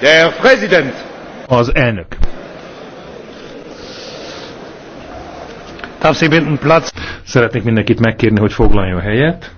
Der Präsident. Az elnök. Szeretnék mindenkit megkérni, hogy foglaljon helyet.